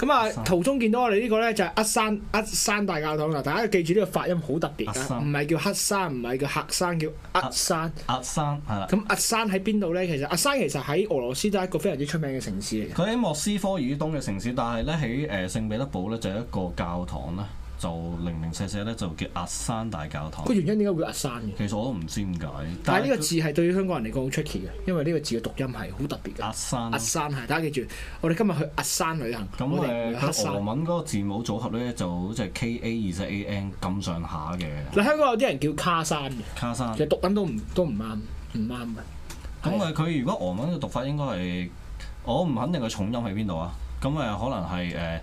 咁啊，途中見到我哋呢個咧就係阿山，阿山大教堂啦，大家要記住呢個發音好特別啊，阿山，唔係叫黑山，唔係叫黑山，叫阿山。阿，阿山係啦。咁阿山喺邊度咧？其實阿山其實喺俄羅斯都係一個非常之出名嘅城市嚟嘅。佢喺、嗯、莫斯科以東嘅城市，但係咧喺誒聖彼得堡咧就有一個教堂啦。就零零四碎咧，就叫阿山大教堂。個原因點解會阿山嘅？其實我都唔知點解。但係呢個字係對於香港人嚟講好 tricky 嘅，因為呢個字嘅讀音係好特別嘅。阿山，阿山係、啊，大家記住，我哋今日去阿山旅行。咁誒是，阿山俄文嗰個字母組合咧，就好似係 K A 二隻 A N 咁上下嘅。嗱，香港有啲人叫卡山嘅，卡山，卡山其實讀音都唔都唔啱，唔啱嘅。咁誒是，佢的如果俄文嘅讀法應該係，我唔肯定佢重音喺邊度啊？咁誒，可能係誒。呃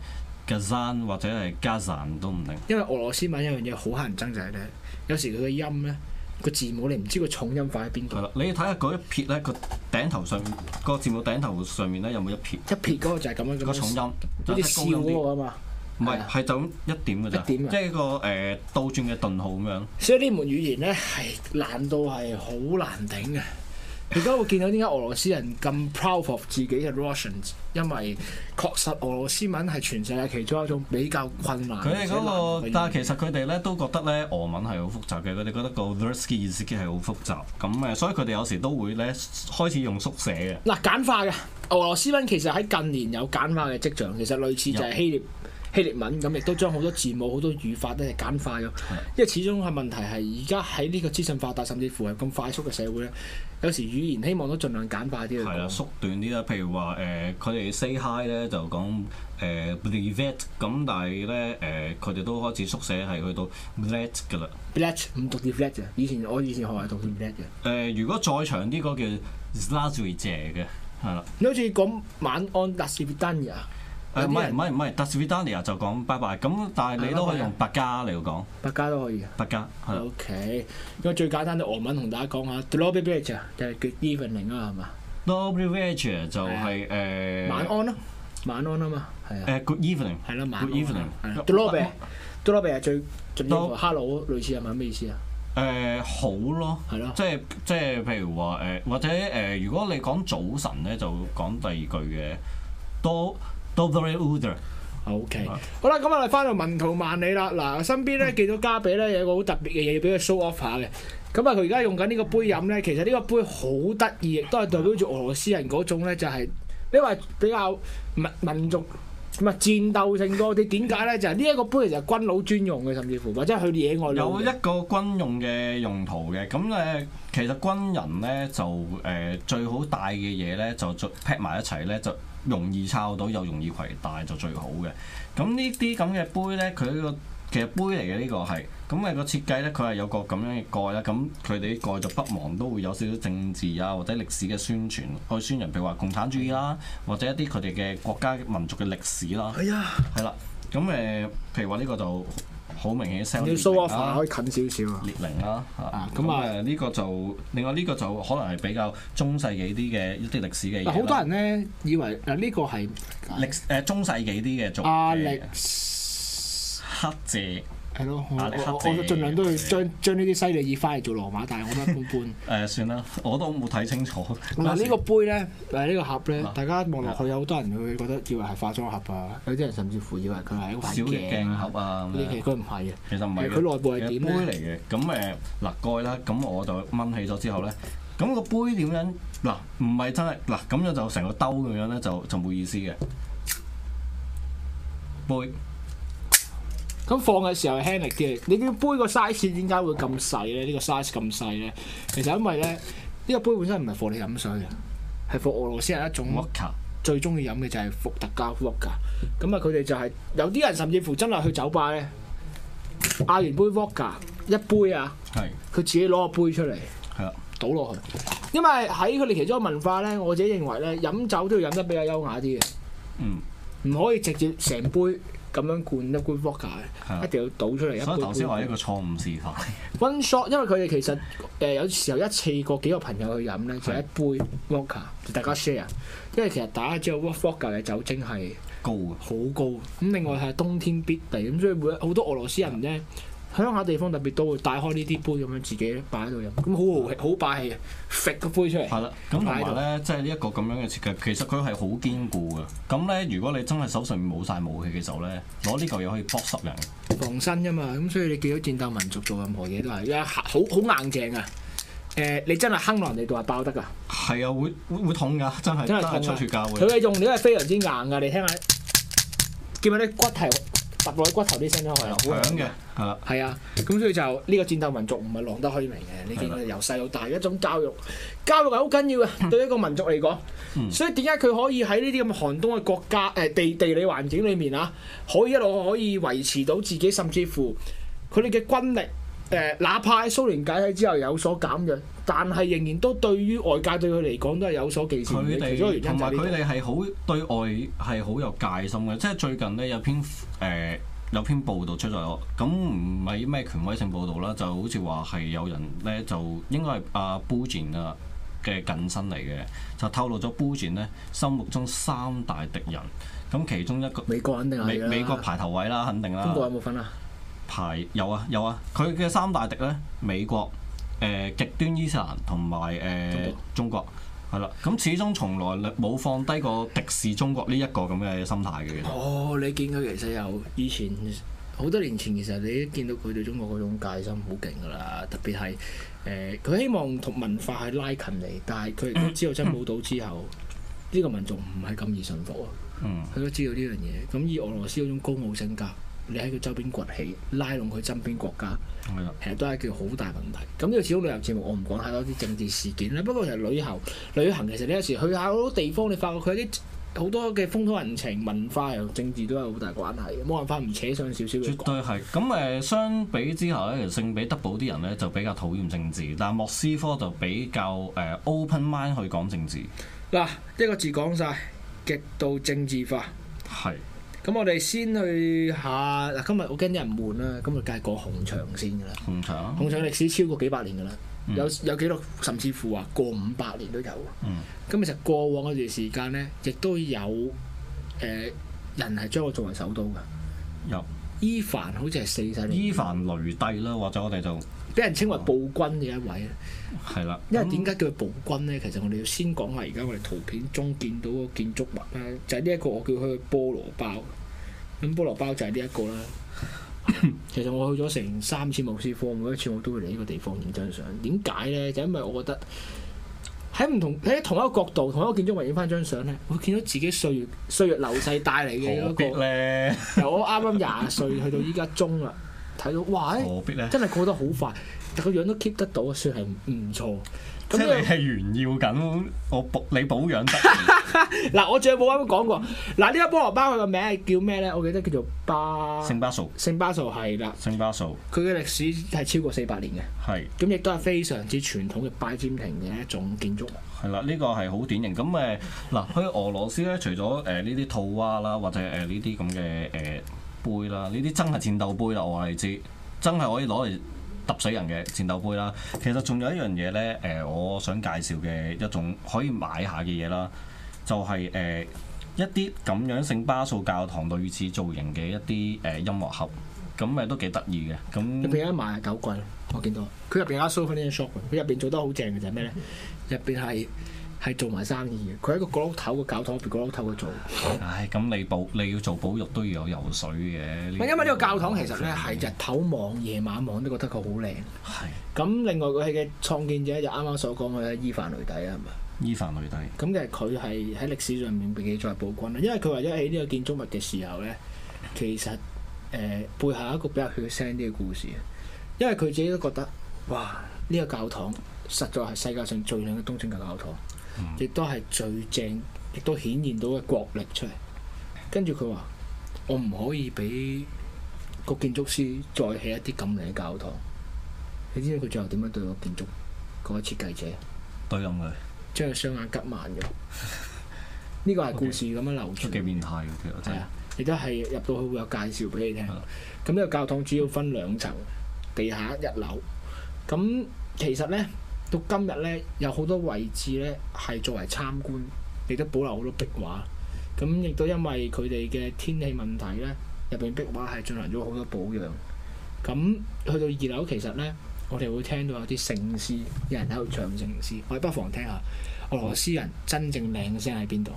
加山或者係加山都唔定，因為俄羅斯文一樣嘢好乞人憎就係咧，有時佢嘅音咧，個字母你唔知個重音擺喺邊度。係啦，你要睇下嗰一撇咧，個頂頭上面個字母頂頭上面咧有冇一撇？一撇嗰個就係咁樣，個重音有啲笑嘅嘛。唔係，係就一點㗎咋，即係、啊、個誒、呃、倒轉嘅頓號咁樣。所以呢門語言咧係難度係好難頂嘅。而家會見到點解俄羅斯人咁 proud of 自己嘅 Russians，因為確實俄羅斯文係全世界其中一種比較困難。佢哋嗰個，但係其實佢哋咧都覺得咧俄文係好複雜嘅，佢哋覺得個 Russky 語詞係好複雜。咁誒，所以佢哋有時都會咧開始用縮寫嘅。嗱，簡化嘅俄羅斯文其實喺近年有簡化嘅跡象，其實類似就係希臘。希臘文咁亦都將好多字母、好多語法咧簡化咗，因為始終個問題係而家喺呢個資訊發達，甚至乎係咁快速嘅社會咧，有時語言希望都盡量簡化啲。係啦，縮短啲啦。譬如話誒，佢哋 say hi 咧就講誒，invite 咁，但係咧誒，佢哋都開始縮寫係去到 let 㗎啦。let 唔讀成 flat 啫，以前我以前學係讀成 flat 嘅。誒，如果再長啲，個叫 l i g h t l y 嘅，係啦。你好似講晚安，dasiptanya。唔係唔係唔係，Da svidaniya 啊！就講 bye bye 咁，但係你都可以用百家嚟講，百家都可以。百家係啦。O K，因為最簡單就俄文同大家講下，Good evening 啊，係嘛？Good evening 就係誒晚安咯，晚安啊嘛，係啊。誒 Good evening 係啦，晚安。Good evening 係啦。Good evening，Good evening 係最最呢個 hello 類似係咪？咩意思啊？誒好咯，係咯，即係即係譬如話誒，或者誒，如果你講早晨咧，就講第二句嘅多。OK。 好啦，咁我哋翻到文圖萬里啦。嗱，身邊咧見到加比咧有一個好特別嘅嘢要俾佢 show off 下嘅。咁啊，佢而家用緊呢個杯飲咧，其實呢個杯好得意，亦都係代表住俄羅斯人嗰種咧就係因為比較民民族咪戰鬥性多啲。點解咧？就係呢一個杯其實軍佬專用嘅，甚至乎或者去野外。有一個軍用嘅用途嘅。咁誒，其實軍人咧就誒、呃、最好帶嘅嘢咧就劈埋一齊咧就。容易抄到又容易攜帶就最好嘅。咁呢啲咁嘅杯咧，佢呢個其實杯嚟嘅呢個係。咁誒個設計咧，佢係有個咁樣嘅蓋啦。咁佢哋啲蓋就不忘都會有少少政治啊或者歷史嘅宣傳，去宣揚譬如話共產主義啦、啊，或者一啲佢哋嘅國家民族嘅歷史啦。係啊，係啦、哎呀。咁誒，呃，譬如話呢個就。好明顯嘅聲可以近少少啊。列寧啦，咁誒呢個就，另外呢個就可能係比較中世紀啲嘅一啲歷史嘅嘢，啊。好多人咧，啊、以為誒呢、啊，這個係歷誒、呃、中世紀啲嘅做嘅。亞歷克謝係咯，我我盡量都要將將呢啲西里爾翻嚟做羅馬，但係我都一般般。誒，算啦，我都冇睇清楚。嗱，呢個杯咧，嗱、啊、呢、呢個盒咧，啊、大家望落去有好多人會覺得以為係化妝盒啊，有啲人甚至乎以為佢係一個、啊、小型鏡盒啊，呢啲其實佢唔係啊，其實唔係，佢內部係點咧？杯嚟嘅，咁誒嗱蓋啦，咁我就掹起咗之後咧，咁個杯點樣？嗱，唔係真係，嗱咁樣就成個兜咁樣咧，就就冇意思嘅杯。咁放嘅時候輕力啲，你啲杯個 size、這個 size 點解會咁細咧？呢個 size 咁細咧，其實因為咧呢、這個杯本身唔係畀你飲水嘅，係畀俄羅斯人一種 Vodka 最中意飲嘅就係伏特加 Vodka、就是。咁啊，佢哋就係有啲人甚至乎真係去酒吧咧，嗌完杯 Vodka 一杯啊，係佢自己攞個杯出嚟，係啦，倒落去。因為喺佢哋其中一個文化咧，我自己認為咧，飲酒都要飲得比較優雅啲嘅，嗯，唔可以直接成杯。咁樣灌一杯 Vodka，er, 的一定要倒出嚟。所以頭先話一個錯誤示範。One shot， 因為佢哋其實誒有時候一次過幾個朋友去飲咧，就一杯 Vodka，er, 的大家 share。的因為其實大家知道 Vodka 嘅酒精係高嘅，好高的。咁另外係冬天必備，咁所以好多俄羅斯人咧，鄉下地方特別都會帶開呢啲杯咁樣自己擺喺度飲，咁好豪氣，好霸氣，揈個杯出嚟。係啦，咁同埋咧，即係呢一個咁樣嘅設計，其實佢係好堅固嘅。咁咧，如果你真係手上冇晒武器嘅時候咧，攞呢嚿嘢可以搏十人。防身㗎嘛，咁所以你見到戰鬥民族做任何嘢都係，係好好硬淨啊！誒、呃，你真係坑落人哋度爆得㗎。係啊，會會會痛㗎，真係。因為出處佢嘅用料係非常之硬㗎。你聽下，見唔見啲骨頭？揼落去骨頭啲聲音係響嘅。係啊，係啊，咁所以就呢、呢個戰鬥民族唔係浪得虛名嘅。你見佢由細到大一種教育，教育係好緊要嘅，對一個民族嚟講。 所以點解佢可以喺呢啲咁寒冬嘅國家誒、地地理環境裡面啊，可以一路可以維持到自己，甚至乎佢哋嘅軍力誒、呃，哪怕喺蘇聯解體之後有所減弱。但係仍然都對於外界對佢嚟講都係有所忌憚。佢哋同埋佢哋係好對外係好有戒心嘅。即係最近呢，有篇誒有篇報道出咗，咁唔係咩權威性報道啦，就好似話係有人呢，就應該係阿 Bojan 啊嘅近身嚟嘅，就透露咗 Bojan 呢心目中三大敵人。咁其中一個美國肯定係啦。美國排頭位啦，肯定啦。中國有冇分啊？排有啊有啊，佢嘅三大敵呢，美國。誒極端伊斯蘭同埋誒中國係啦，咁始終從來冇放低過敵視中國呢一個咁嘅心態嘅。哦，你見佢其實有以前好多年前，其實你一見到佢對中國嗰種戒心好勁㗎啦，特別係誒佢希望同文化係拉近嚟，但係佢亦都知道真冇到之後，呢、嗯、個民族唔係咁易信服啊。佢都、嗯、知道呢樣嘢，咁以俄羅斯嗰種高傲性格。你喺佢周邊崛起，拉攏佢周邊國家，其實都係一個好大問題。咁呢個始終旅遊節目，我唔講太多啲政治事件啦。不過其實旅遊旅行其實你有時去下好多地方，你發覺佢有啲好多嘅風土人情、文化又政治都有好大關係，冇辦法唔扯上少少，少。絕對係。咁誒、呃、相比之後咧，其實聖彼得堡啲人咧就比較討厭政治，但莫斯科就比較誒 open mind 去講政治。嗱一、這個字講晒：極度政治化。係。咁我哋先去下嗱，今日我驚啲人悶啦，今日梗係過紅場先噶啦。紅場場，紅場歷史超過幾百年噶啦、嗯，有有幾多，甚至乎話過五百年都有。咁、嗯、其實過往嗰段時間咧，亦都有誒、呃、人係將我作為首都噶。有。伊凡好似係四世，伊凡雷帝啦，或者我哋就俾人稱為暴君嘅一位，係啦、哦。因為點解叫佢暴君咧？其實我哋要先講下而家我哋圖片中見到個建築物咧，就係呢一個我叫佢菠羅包。咁、嗯、菠羅包就係呢一個啦。 其實我去咗成三次莫斯科，每一次我都會嚟呢個地方影張相。點解咧？就是、因為我覺得。喺唔同喺同一個角度，同一個建築圍影翻張相咧，會見到自己歲月歲月流逝帶嚟嘅嗰個咧，由我啱啱廿歲去到依家中啦，睇到哇，嘩真係過得好快，但個樣都 keep 得到，算係唔錯。即係你係炫耀緊，我保你保養得。嗱， 我仲有冇啱啱講過？嗱，呢個菠蘿包，佢個名係叫咩咧？我記得叫做巴聖巴素。聖巴素係啦。聖巴素。佢嘅歷史係超過四百年嘅。係是。咁亦都係非常之傳統嘅拜占庭嘅一種建築。係啦，呢、這個係好典型。咁誒，嗱、呃，去俄羅斯咧，除咗誒呢啲套娃啦，或者誒呢啲咁嘅誒杯啦，呢啲真係戰鬥杯啊！我話你知，真係可以攞嚟。揼死人嘅戰鬥杯啦，其實仲有一樣嘢咧，誒，我想介紹嘅一種可以買下嘅嘢啦，就係、是、誒一啲咁樣聖巴素教堂類似造型嘅一啲誒音樂盒，咁咪都幾得意嘅。咁入邊一買九貴，我見到佢入邊啊 show 翻呢間 shop，佢入邊做得好正嘅就係咩咧？入邊係。係做埋生意嘅，佢喺個角落頭嘅教堂，個角落頭去做。唉，咁你保你要做保育都要有游水嘅。因為呢個教堂其實咧係日頭望、夜晚望都覺得佢好靚。係的。咁另外佢嘅創建者就啱啱所講嘅伊凡雷帝啊，係咪？伊凡雷帝。咁嘅佢係喺歷史上面被記載為暴君啦，因為佢為咗起呢個建築物嘅時候咧，其實誒、呃、背後一個比較血腥啲嘅故事，因為佢自己都覺得哇呢、呢個教堂實在係世界上最靚嘅東正嘅教堂。嗯、亦都係最正，亦都顯現到嘅國力出嚟。跟住佢話：我唔可以俾個建築師再起一啲咁靚嘅教堂。你知唔知佢最後點樣對個建築一設計者？對暗佢，嗯、將佢雙眼急盲咗。呢個係故事咁樣流出。嘅變態㗎，其實係啊！亦都係入到去會有介紹俾你聽。咁呢、嗯、個教堂主要分兩層，嗯、地下一樓。咁其實咧。到今日呢，有好多位置呢係作為參觀，亦都保留好多壁畫。咁亦都因為佢哋嘅天氣問題呢，入邊壁畫係進行咗好多保養。咁去到二樓，其實呢，我哋會聽到有啲聖詩，有人喺度唱聖詩。我哋不妨聽下俄羅斯人真正靚嘅聲喺邊度。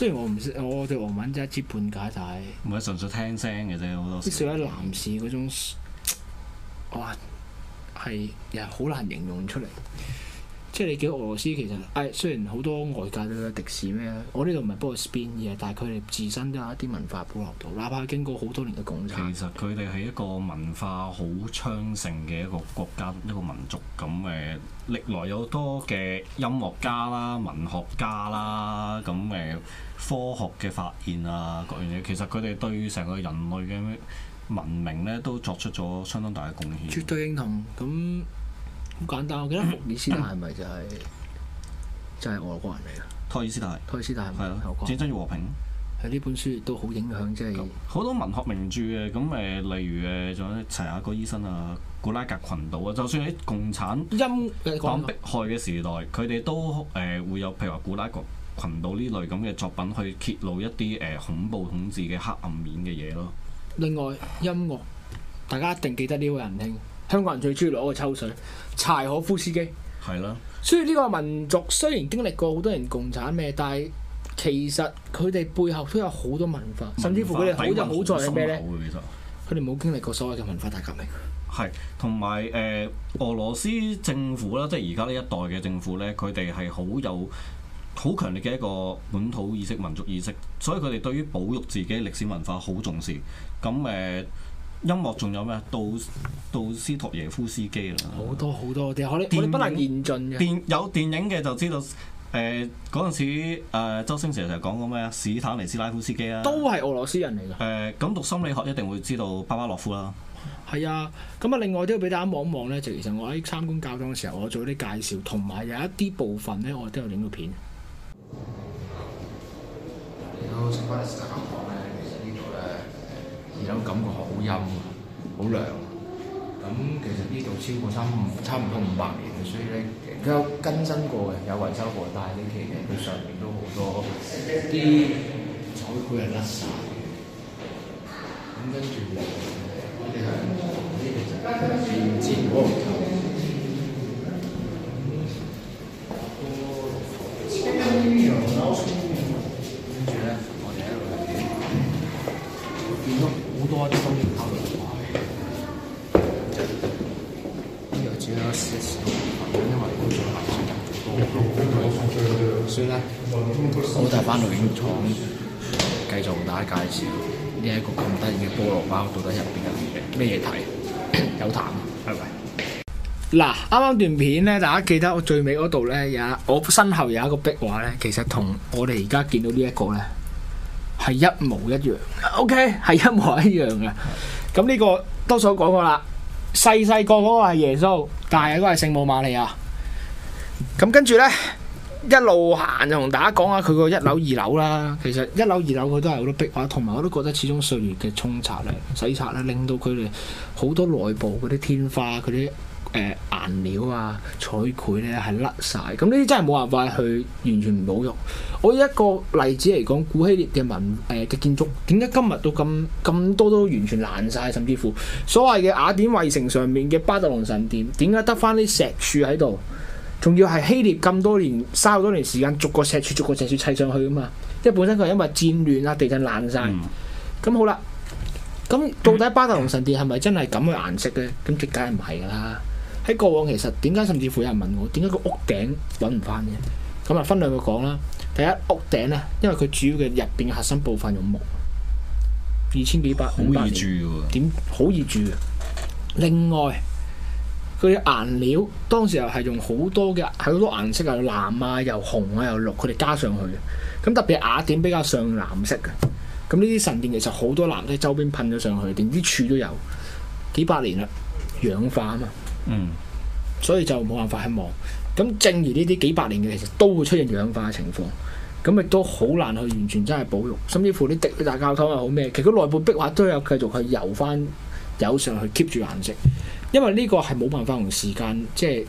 雖然我唔識，我對俄文只係一知半解，但係，唔係純粹聽聲嘅啫，好多時，啲所謂男士嗰種，哇，係又係好難形容出嚟。即係你見俄羅斯其實誒、哎，雖然好多外界嘅敵視咩，我呢度唔係幫佢 spin 嘢，但係佢哋自身都有一啲文化保留到，哪怕經過好多年嘅共產。其實佢哋係一個文化好昌盛嘅一個國家，一個民族咁誒，歷來有多嘅音樂家啦、文學家啦，咁誒科學嘅發現啊，各樣嘢，其實佢哋對成個人類嘅文明咧都作出咗相當大嘅貢獻。絕對認同咁。好簡單，我記得穆爾斯泰係咪就係、是、就係俄羅國人嚟嘅？托爾斯泰，托爾斯泰係啊，講戰爭與和平係呢本書亦都好影響，即係好多文學名著嘅咁誒。例如誒，仲有齊阿哥醫生啊，古拉格群島啊。就算喺共產黨迫害嘅時代，佢哋都誒會有，譬如話古拉格群島呢類咁嘅作品去揭露一啲誒恐怖統治嘅黑暗面嘅嘢咯。另外，音樂大家一定記得呢個人聽香港人最中意攞個抽水。柴可夫斯基係啦，的所以呢個民族雖然經歷過好多人共產咩，但係其實佢哋背後都有好多文化，文化甚至乎佢哋好有好在係咩咧？佢哋冇經歷過所謂嘅文化大革命，係同埋誒俄羅斯政府啦，即係而家呢一代嘅政府咧，佢哋係好有好強烈嘅一個本土意識、民族意識，所以佢哋對於保育自己歷史文化好重視。咁誒。呃音樂仲有咩？杜杜斯托耶夫斯基啦，好多好多啲，影我哋我哋不能延進嘅。電有電影嘅就知道，誒嗰陣時、呃、周星馳成日講過咩啊？史坦尼斯拉夫斯基啊，都係俄羅斯人嚟嘅。誒咁讀心理學一定會知道巴巴洛夫啦。係啊，咁啊另外都要俾大家望一望咧，就其實我喺參觀教堂嘅時候，我做啲介紹，同埋有一啲部分咧，我都有影到片。嗯有感覺好陰啊，好涼。咁其實呢度超過三差唔差唔多五百年，所以咧，佢有更新過嘅，有維修過，但係呢期咧，佢上面都好多啲彩繪係甩曬嘅。咁跟住，我哋係呢邊就變講，繼續同大家介紹呢一個咁得意嘅菠蘿包，到底入邊有啲咩？咩嘢睇？有痰係咪？嗱，啱啱段片咧，大家記得我最尾嗰度咧，有我身後有一個壁畫咧，其實同我哋而家見到呢一個咧係一模一樣。OK，係一模一樣嘅。咁呢個多數講過啦，細細個嗰個係耶穌，大個嗰個係聖母瑪利亞。咁跟住咧。一路行就同大家講下佢個一樓、二樓啦。其實一樓、二樓佢都係好多壁畫，同埋我都覺得始終歲月嘅沖刷咧、洗刷咧，令到佢哋好多內部嗰啲天花、嗰啲誒顏料啊、彩繪咧係甩晒。咁呢啲真係冇辦法去完全唔保育。我以一個例子嚟講，古希臘嘅文誒嘅、呃、建築，點解今日都咁咁多都完全爛晒？甚至乎所謂嘅雅典衛城上面嘅巴特隆神殿，點解得返啲石柱喺度？仲要係希臘咁多年，三十多年時間逐個石柱逐個石柱砌上去噶嘛，因為本身佢係因為戰亂啊、地震爛晒。咁、嗯、好啦。咁到底巴特農神殿係咪真係咁嘅顏色咧？咁梗係唔係噶啦？喺過往其實點解甚至乎有人問我點解個屋頂揾唔翻嘅？咁啊分兩個講啦。第一屋頂咧，因為佢主要嘅入邊嘅核心部分用木，二千幾百好易住喎，點好易住？另外。佢嘅顏料當時候係用好多嘅，係好多顏色啊，有藍啊，又紅啊，又綠，佢哋加上去嘅。咁特別雅典比較上藍色嘅，咁呢啲神殿其實好多藍都喺周邊噴咗上去，連啲柱都有幾百年啦，氧化啊嘛。嗯。所以就冇辦法去望。咁正如呢啲幾百年嘅，其實都會出現氧化嘅情況。咁亦都好難去完全真係保育，甚至乎啲迪裏大教堂又好咩，其實佢內部壁畫都有繼續去油返、油上去 keep 住顏色。因為呢個係冇辦法同時間，即係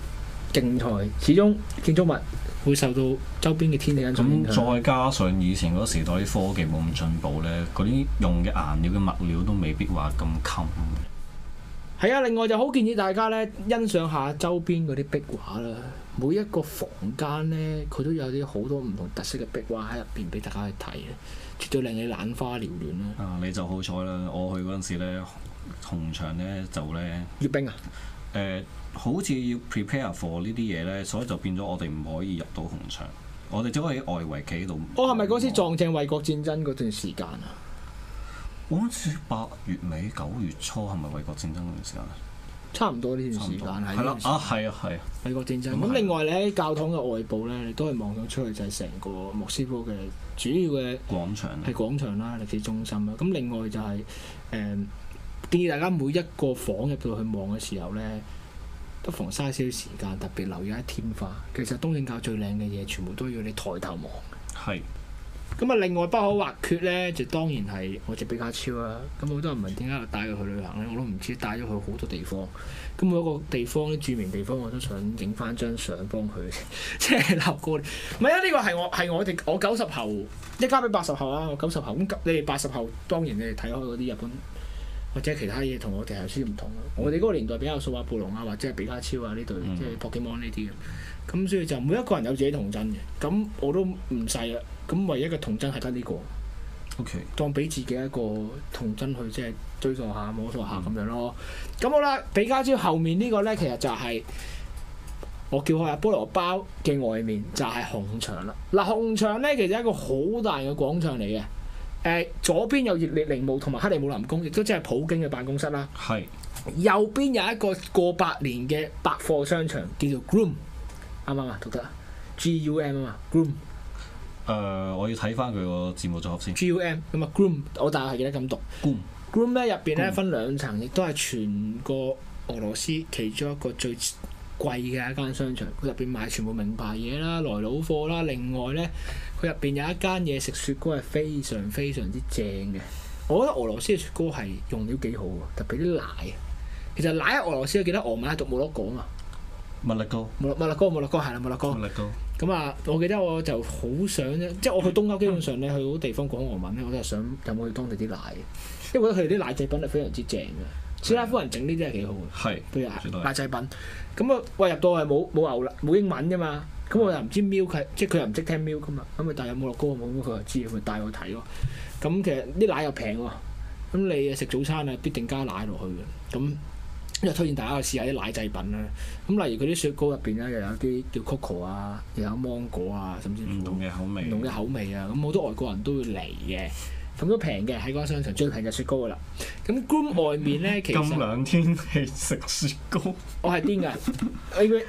競賽，始終建築物會受到周邊嘅天氣因素影響。再加上以前嗰時代科技冇咁進步呢，嗰啲用嘅顏料嘅物料都未必話咁襟。係啊，另外就好建議大家呢，欣賞下周邊嗰啲壁畫啦。每一個房間呢，佢都有啲好多唔同特色嘅壁畫喺入邊俾大家去睇嘅，絕對令你眼花繚亂啊，你就好彩啦！我去嗰陣時呢。紅場咧就咧，閲兵啊！誒、呃，好似要 prepare for 呢啲嘢咧，所以就變咗我哋唔可以入到紅場，我哋只可以外圍企到。我係咪嗰次撞正衛國戰爭嗰段時間啊？好似八月尾九月初，係咪衛國戰爭嗰段時間？差唔多呢段時間係、啊、啦，啊係啊係啊！衛國戰爭咁。另外咧，嗎教堂嘅外部咧，你都係望到出去就係成個莫斯科嘅主要嘅廣場，係廣場啦，歷史中心啦。咁另外就係、是、誒。嗯嗯啊。建議大家每一個房入到去望嘅時候呢，不妨嘥少少時間，特別留意下天花。其實東正教最靚嘅嘢，全部都要你抬頭望。係是。咁啊，另外不可或缺呢，就當然係我隻比卡超啦。咁好多人問點解我帶佢去旅行呢？我都唔知。帶咗去好多地方，咁每一個地方啲著名地方我都想影翻張相幫佢，即 係留個。唔係啊，呢個係我係我哋我九十後，一加俾八十後啊，我九十後咁，你哋八十後當然你哋睇開嗰啲日本。或者其他嘢同我哋係書唔同咯。我哋嗰個年代比較數碼暴龍啊，或者係比卡超啊，呢對，嗯、即係 Pokemon 呢啲咁。咁所以就每一個人有自己童真嘅。咁我都唔細啦。咁唯一嘅童真係得呢個。O K。當俾自己一個童真去即係追索下、摸索下咁樣咯。咁、嗯、好啦，比卡超後面個呢個咧，其實就係、是、我叫佢阿菠蘿包嘅外面就係、是、紅場啦。嗱、啊，紅場咧其實係一個好大嘅廣場嚟嘅。誒、呃、左邊有列寧陵墓同埋克里姆林宮，亦都即係普京嘅辦公室啦。係是右邊有一個過百年嘅百貨商場，叫做 Groom，啱啱啊？讀得 G U M 啊嘛，Groom。誒、呃，我要睇翻佢個字母組合先。G U M 咁啊，Groom 我大概係記得咁讀？Groom 咧入邊咧分兩層，亦都係全個俄羅斯其中一個最貴嘅一間商場，佢入邊賣全部名牌嘢啦、來佬貨啦。另外咧，佢入邊有一間嘢食雪糕係非常非常之正嘅。我覺得俄羅斯嘅雪糕係用料幾好，特別啲奶。其實奶喺俄羅斯，我記得俄文係讀冇得講啊。馬勒哥，馬勒馬勒哥，馬勒哥係啦，馬勒哥。馬勒哥。咁啊，我記得我就好想，即係我去東歐，基本上咧、嗯、去好啲地方講俄文咧，我都係想有冇去當地啲奶，因為我覺得佢哋啲奶製品係非常之正嘅。斯拉夫人整呢啲真係幾好嘅，係都有奶製品。咁我喂入到係冇冇牛啦，冇英文㗎嘛。咁的我又唔知瞄佢，即係佢又唔識聽瞄㗎嘛。咁咪但有冇落歌冇咁，佢又知佢帶我睇咯。咁其實啲奶又平喎。咁你食早餐啊，必定加奶落去嘅。咁因為推薦大家去試下啲奶製品啦。咁例如佢啲雪糕入邊咧，又有啲叫 Coco 啊，又有芒果啊，甚至唔同嘅口味，唔同嘅口味啊。咁好多外國人都會嚟嘅。咁都平嘅，喺嗰個商場最平嘅雪糕啦。咁官外面咧，其實今兩天氣，食雪糕，我係癲㗎。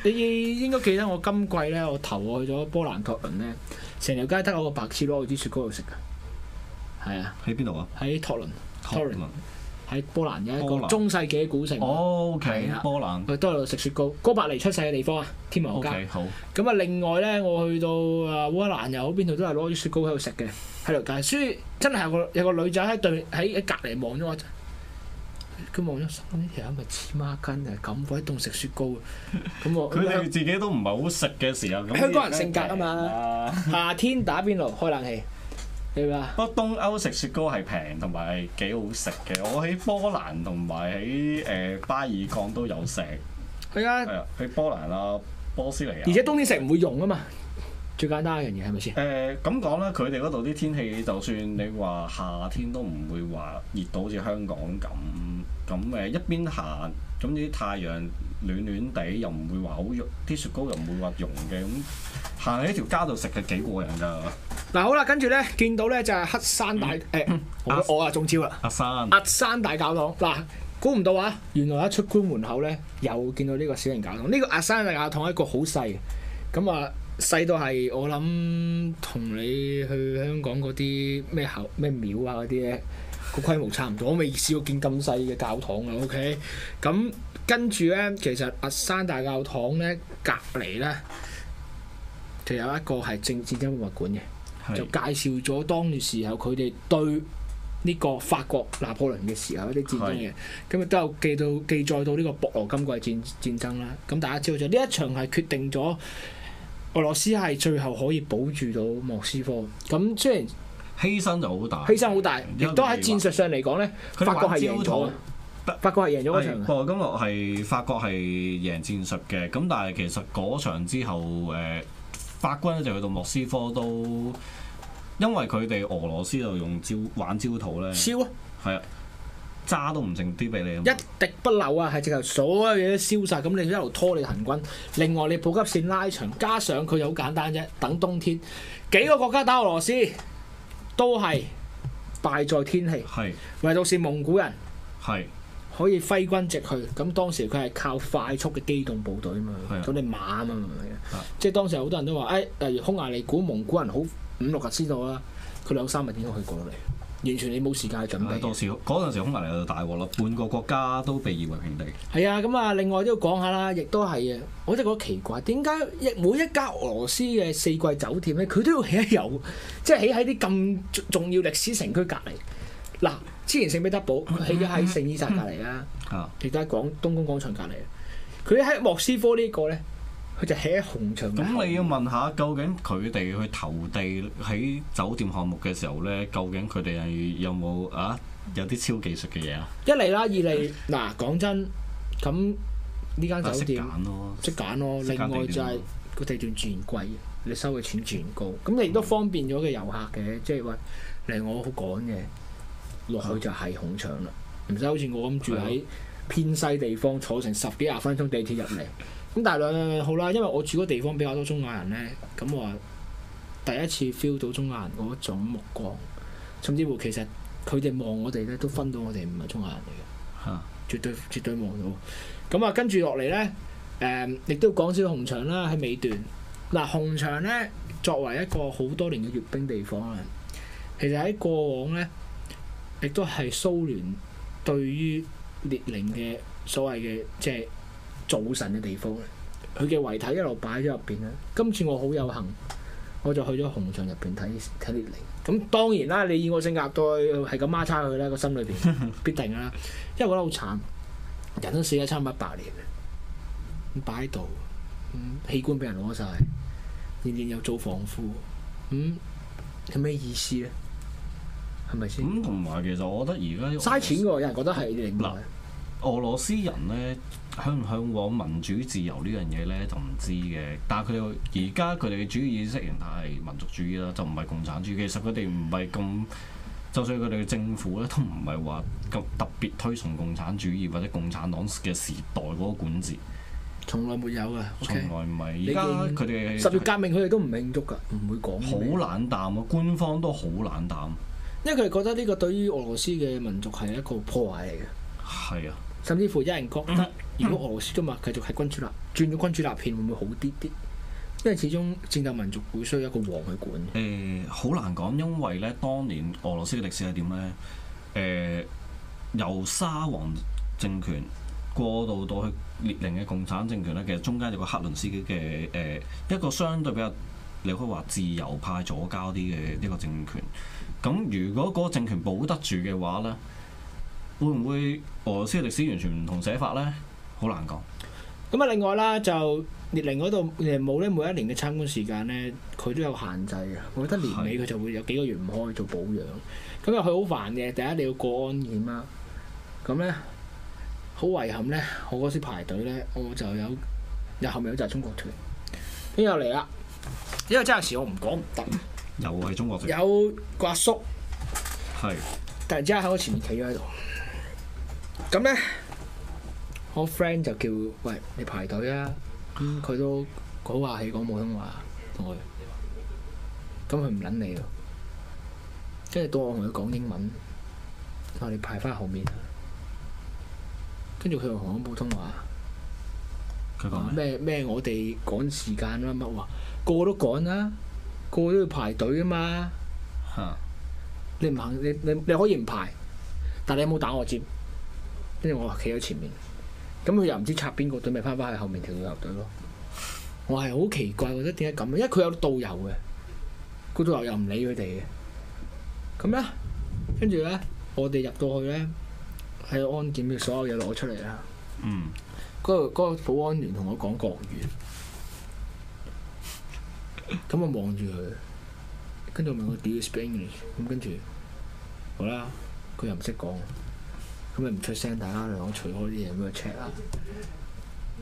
你你應該記得我今季咧，我頭我去咗波蘭托倫咧，成條街得我個白痴攞住啲雪糕度食㗎。係啊，喺邊度啊？喺托倫，托倫。好托倫喺波蘭嘅一個中世紀古城，係啦、oh, okay, 對，波蘭，佢都喺度食雪糕。哥白尼出世嘅地方啊，天文學家。咁啊、okay, 好，另外咧，我去到烏克蘭又好，邊度都係攞啲雪糕喺度食嘅，喺度街，係，所以，所以真係有，有個女仔喺對喺隔離望咗我，佢望咗十蚊一條，咪黐孖筋啊！咁鬼凍食雪糕，咁我佢哋 自己都唔係好食嘅時候，香港人性格啊嘛，哇 夏天打邊爐開冷氣。不過東歐食雪糕係平同埋係幾好食嘅，我喺波蘭同埋喺誒巴爾幹都有食，係啊，喺、啊、波蘭啊波斯尼、啊，亞，而且冬天食唔會融啊嘛，最簡單一、呃、樣嘢係咪先？誒咁講咧，佢哋嗰度啲天氣，就算你話夏天都唔會話熱到好似香港咁。咁誒、嗯、一邊行，總之啲太陽暖暖地，又唔會話好肉，啲雪糕又唔會話溶嘅。咁行喺條街度食係幾過癮㗎。嗱，好啦，跟住咧見到咧就係黑山大誒，嗯嗯啊、我啊我啊中招啦，阿山，阿山大教堂。嗱、啊，估唔到啊，原來一出關門口咧，又見到呢個小型教堂。呢、呢個阿山大教堂一個好細，咁啊細到係我諗同你去香港嗰啲咩口咩廟啊嗰啲咧。個規模差唔多，我未試過見咁細嘅教堂啊。OK，咁跟住咧，其實阿山大教堂咧隔離咧，就有一個係戰爭博物館嘅，是就介紹咗當時時候佢哋對呢個法國拿破崙嘅時候一啲戰爭嘅，咁亦是都有記到記載到呢個博羅金季戰戰爭啦。咁大家知道就呢一場係決定咗俄羅斯係最後可以保住到莫斯科。咁雖然，犧牲就好大，犧牲好大，亦都喺戰術上嚟講咧，法國係焦土。法國係贏咗嗰場。哦，咁我係法國係贏戰術嘅。咁但係其實嗰場之後，誒、呃、法軍就去到莫斯科都因為佢哋俄羅斯就用焦玩焦土呢，燒啊，係啊，渣都唔剩啲俾你，一滴不漏啊，係直頭所有嘢都燒晒。咁你一路拖你行軍，另外你補給線拉長，加上佢又好簡單啫，等冬天幾個國家打俄羅斯。都係敗在天氣，唯獨是蒙古人，可以揮軍直去。咁當時佢係靠快速嘅機動部隊啊嘛，係啲馬啊嘛，的即係當時好多人都話，誒、哎、例如匈牙利古蒙古人好五六日先到啦，佢哋兩三日點去過嚟？完全你冇時間去準備。嗱，到時嗰陣時空埋嚟就大鑊啦，半個國家都被夷為平地。係啊，咁啊，另外要說說都要講下啦，亦都係啊，我真係覺得奇怪，點解一每一家俄羅斯嘅四季酒店咧，佢都要起喺有，即係起喺啲咁重要歷史城區隔離。嗱、啊，之前聖彼得堡佢起咗喺聖伊薩隔離啦，嗯嗯嗯、其都喺冬宮廣場隔離。佢喺莫斯科個呢個咧。佢就喺紅牆。咁你要問下，究竟佢哋去投地喺酒店項目嘅時候咧，究竟佢哋係有冇啊有啲超技術嘅嘢啊？一嚟啦，二嚟嗱，講真，咁呢間酒店即揀咯，即揀咯。另外就係個地段自然貴，你收嘅錢自然高。咁、嗯、你亦都方便咗嘅遊客嘅，即係話嚟我好趕嘅落去就係紅牆啦，唔使好似我咁住喺偏西地方，坐成十幾廿分鐘地鐵入嚟。 咁大量好啦，因為我住嗰地方比較多中亞人咧，咁我第一次 feel 到中亞人嗰種目光，甚至乎其實佢哋望我哋咧都分到我哋唔係中亞人嚟嘅，嚇，絕對絕對望到。咁啊，跟住落嚟咧，誒，亦都講少紅場啦，喺尾段。嗱，紅場咧作為一個好多年嘅閱兵地方啦，其實喺過往咧，亦都係蘇聯對於列寧嘅所謂嘅即係。造神嘅地方，佢嘅遺體一路擺咗入邊咧。今次我好有幸，我就去咗紅場入邊睇睇列寧。咁當然啦，你以我性格，都係咁孖叉佢啦。個心裏邊必定啦，因為我覺得好慘，人都死咗差唔多百年，咁擺喺度，器官俾人攞晒，年年、嗯、有做防腐，咁有咩意思咧？係咪先？咁同埋，其實我覺得而家嘥錢喎，有人覺得係另俄羅斯人咧向唔向往民主自由呢樣嘢咧就唔知嘅，但係佢哋而家佢哋嘅主要意識形態係民族主義啦，就唔係共產主義。其實佢哋唔係咁，就算佢哋嘅政府咧都唔係話咁特別推崇共產主義或者共產黨嘅時代嗰個管治，從來沒有啊。從來唔係。而家佢哋十月革命佢哋都唔慶祝㗎，唔會講。好冷淡啊！官方都好冷淡，因為佢哋覺得呢個對於俄羅斯嘅民族係一個破壞嚟嘅。係啊。甚至乎有人覺得，如果俄羅斯今日繼續係君主立，轉咗君主立憲會唔會好啲啲？因為始終戰鬥民族會需要一個王去管、呃。誒，好難講，因為咧，當年俄羅斯嘅歷史係點咧？誒、呃，由沙皇政權過渡到去列寧嘅共產政權咧，其實中間有個克倫斯基嘅誒、呃、一個相對比較你可以話自由派左膠啲嘅一個政權。咁如果嗰個政權保得住嘅話咧？會唔會俄羅斯嘅歷史完全唔同寫法咧？好難講。咁啊，另外啦，就列寧嗰度誒墓咧，每一年嘅參觀時間咧，佢都有限制嘅。我覺得年尾佢就會有幾個月唔可以做保養。咁又佢好煩嘅，第一你要過安檢啦。咁咧，好遺憾咧，我嗰時排隊咧，我就有又後面有隻中國團，邊又嚟啦？因為真係有時我唔講唔得。又係中國團。有個阿叔。係的。突然之間喺我前面企咗喺度。咁咧，我 friend 就叫，喂，你排隊啊。咁、嗯、佢 都講話係講普通話同佢，咁佢唔撚你咯。跟住到我同佢講英文，我，你排翻後面。跟住佢又講普通話，佢講咩咩，我哋趕時間啦，乜話？個個都趕啦，啊，個個都要排隊啊嘛。嚇、嗯，你唔行，你你你可以唔排，但係你有冇打我尖？」跟住我企喺前面，咁佢又唔知插邊個隊，咪翻返去後面條隊咯。我係好奇怪，覺得點解咁？因為佢有導遊嘅，個導遊又唔理佢哋嘅。咁咧，跟住咧，我哋入到去咧，喺安檢嘅所有嘢攞出嚟啦。嗯。嗰個嗰個保安員同我講國語，咁我望住佢，跟住問佢 Do you speak English，咁跟住好啦，佢又唔識講。咁咪唔出聲，大家兩除開啲嘢咁去 check 啦。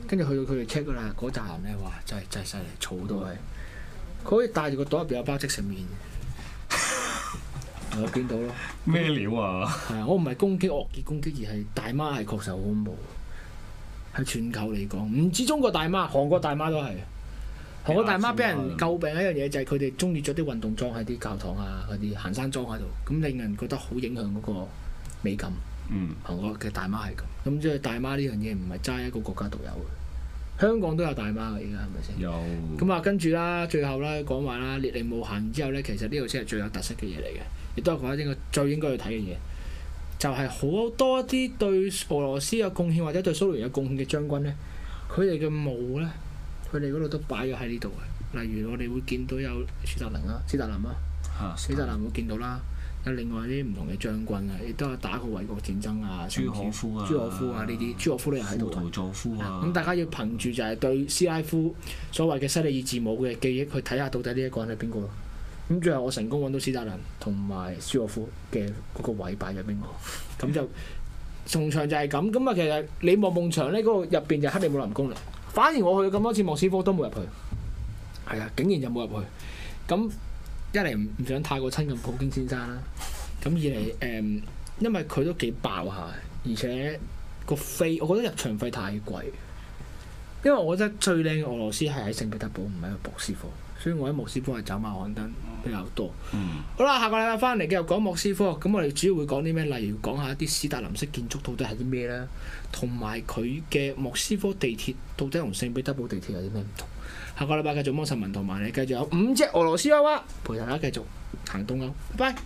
跟住去到佢哋 check 嗰啦，嗰扎人咧，哇！真係真係犀利，草都係。佢可以帶住個袋入邊有包即食麵，我見到咯。咩料啊？係我唔係攻擊惡意攻擊，攻擊而係大媽係確實好恐怖。喺全球嚟講，唔止中國大媽，韓國大媽都係。韓國大媽俾人詬病一樣嘢就係佢哋中意著啲運動裝喺啲教堂啊，嗰啲行山裝喺度，咁令人覺得好影響嗰個美感。嗯，我嘅大媽係咁，咁即係大媽呢樣嘢唔係齋一個國家獨有嘅，香港都有大媽嘅，而家係咪先？有。咁啊，跟住啦，最後啦，講完啦，列寧墓行之後咧，其實呢度先係最有特色嘅嘢嚟嘅，亦都係講緊應該最應該去睇嘅嘢，就係、是、好多啲對俄羅斯有貢獻或者對蘇聯有貢獻嘅將軍咧，佢哋嘅墓咧，佢哋嗰度都擺咗喺呢度嘅，例如我哋會見到有史大林啦、啊，斯大林啦、啊，史大林會見到啦。啊！另外啲唔同嘅將軍啊，亦都有打過衛國戰爭啊，朱可夫、朱可夫啊呢啲，朱可夫都又喺度同，庫圖佐夫啊！咁大家要憑住就係對斯拉夫所謂嘅西里爾字母嘅記憶去睇下到底呢一個人係邊個咯？咁最後我成功揾到斯大林同埋舒可夫嘅個位擺入邊喎。咁就夢場就係咁。咁啊，其實你望夢場呢嗰個入邊就克里姆林宮啦。反而我去咁多次莫斯科都冇入去，係啊，竟然就冇入去咁。一嚟唔想太過親近普京先生啦，咁二嚟誒、嗯，因為佢都幾爆下，而且個飛，我覺得入場費太貴。因為我覺得最靚嘅俄羅斯係喺聖彼得堡，唔係喺莫斯科，所以我喺莫斯科係走馬看燈比較多。嗯、好啦，下個禮拜翻嚟繼續講莫斯科，咁我哋主要會講啲咩？例如講下一啲斯大林式建築到底係啲咩咧，同埋佢嘅莫斯科地鐵到底同聖彼得堡地鐵有啲咩唔同？下個禮拜繼續摩擦文同埋你，繼續有五隻俄羅斯娃娃陪大家繼續行東歐，拜拜。